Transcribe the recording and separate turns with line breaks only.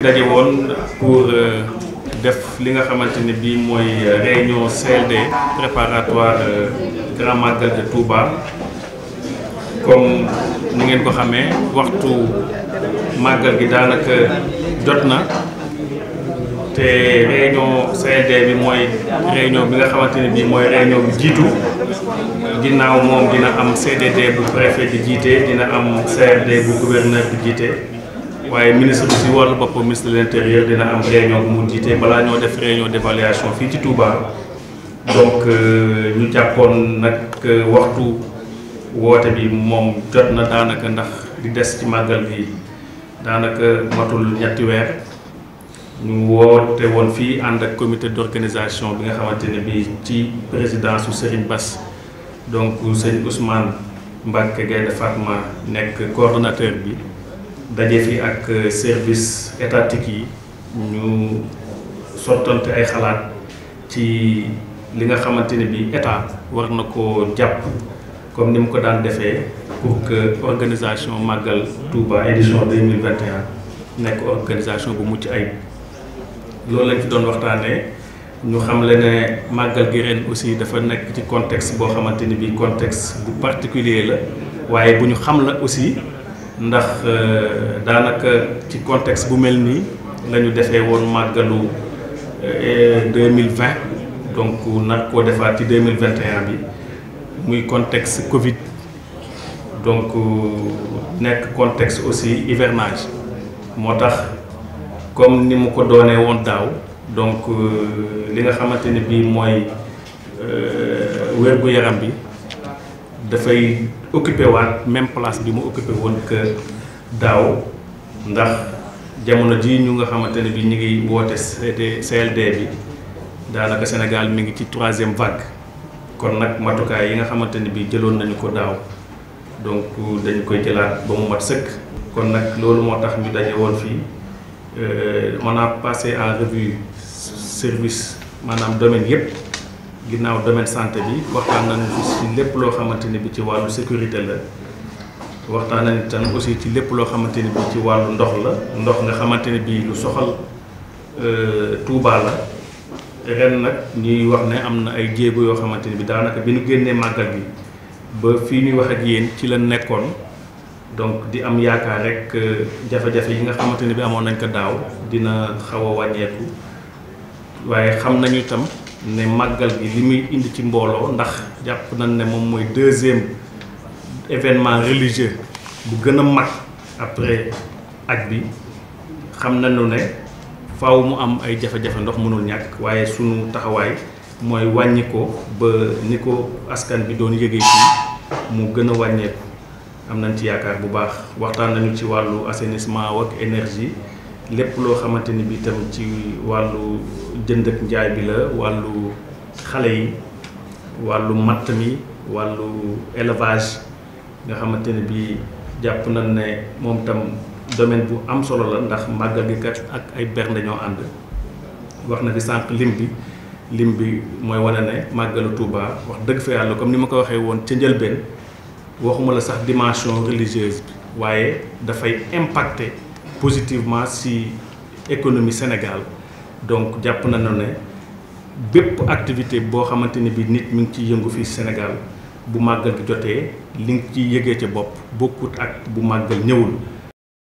daje woon pour euh, def li nga xamante ne bii mooy réunion CLD préparatoire euh, grand magal de Touba comme ni ngeen ko xamee waxtu màggal gi daanaka jot na
te réunion
CLD bi mooy réunion bi nga xamante ne bii mooy réunion bi jiitu ginnaaw moom dina am CDD bu préfet di jiite dina am CRD bu gouverneur bi jiite. waaye ministre bi si wàllu boppam ministre de dina am réunion bu mu jiite balaa ñoo def réunion d' fii ci Touba. donc euh, ñu jàppoon nag waxtu woote bi moom jot na daanaka ndax di des ci màggal bi daanaka matul ñetti weer ñu woote woon fii ànd ak comité d' organisation bi nga xamante ne bii ci présidence su Serigne Bass donc sëñ Ousmane Mbacke Gaynde Fatma nekk coordonnateur bi. daje fi ak euh, service étatique yi ñu sottante ay xalaat ci li nga xamante ne bi état war na ko jàpp comme ni mu ko daan defee pour que organisation màggal Touba édition 2021 nekk organisation bu mucc ay loolu lañ ci doon waxtaanee ñu xam le ne màggal gi ren aussi dafa nekk ci contexte boo xamante ni bi contexte bu particulier la waaye bu ñu xam la aussi ndax euh, daanaka ci contexte bu mel nii la defee woon màggalu euh, deux mille vingt donc nag koo defaat ci deux mille vingt bi muy contexte Covid donc euh, nekk contexte aussi hivernage moo tax comme ni mu ko doonee woon daaw donc li nga xamante ni bii mooy wér-gu-yaram bi. dafay occupé waat même place bi mu occupé woon que daaw ndax jamono ji ñu nga xamante ne bi ñu ngi woote CLD bi daanaka Sénégal mi ngi ci troisième vague kon nag matukaay yi nga xamante ne bi jëloon nañu ko daaw donc dañu koy jëlaat ba mu mat sëkk kon nag loolu moo tax ñu daje woon fii euh, on a passé en revue service maanaam domaine yëpp ginnaaw domaine santé bi waxtaan nañu ci lépp loo xamante ni bi ci wàllu sécurité la waxtaan nañu tam aussi ci lépp loo xamante ni bi ci wàllu ndox la ndox nga xamante ne bi lu soxal euh, Touba la ren nag ñuy wax ne am na ay jéego yoo xamante ni bi daanaka bi nu génnee màggal bi ba fii ñuy wax ak yéen ci la nekkoon donc di am yaakaar rek jafe-jafe yi nga xamante ne bi amoon nañ ko daaw dina xaw a wàññeeku waaye xam nañu itam ne màggal gi li muy indi ci mbooloo ndax jàpp nañ ne moom mooy deuxième événement religieux bu gën a mag après aj bi xam nañu ne faw mu am ay jafe-jafe ndox mënul ñàkk waaye suñu taxawaay mooy wàññi ba ni ko askan bi doon yëgee fii mu gën a wàññeeku am nañ ci yaakaar bu baax waxtaan nañu ci wàllu assainissement ak énergie lépp loo xamante ni bi tam ci wàllu jënd ak njaay bi la wàllu xale yi wàllu matt mi wàllu élevage nga xamante ne bi jàpp nañ ne moom tam domaine bu am solo la ndax màggal gi kat ak ay bernde ñoo ànd wax na fi sanq lim bi lim bi mooy wane ne màggalu Touba wax dëgg fa yàlla comme ni ma ko waxee woon ca njëlbeen waxuma la sax dimension religieuse bi waaye dafay impacter positivement ci économie Sénégal donc jàpp na na ne bépp activité boo xamante ni bi nit mi ngi ciy yëngu fii Sénégal bu màggal gi jotee li nga ciy yëgee ca bopp bokkut ak bu màggal ñëwul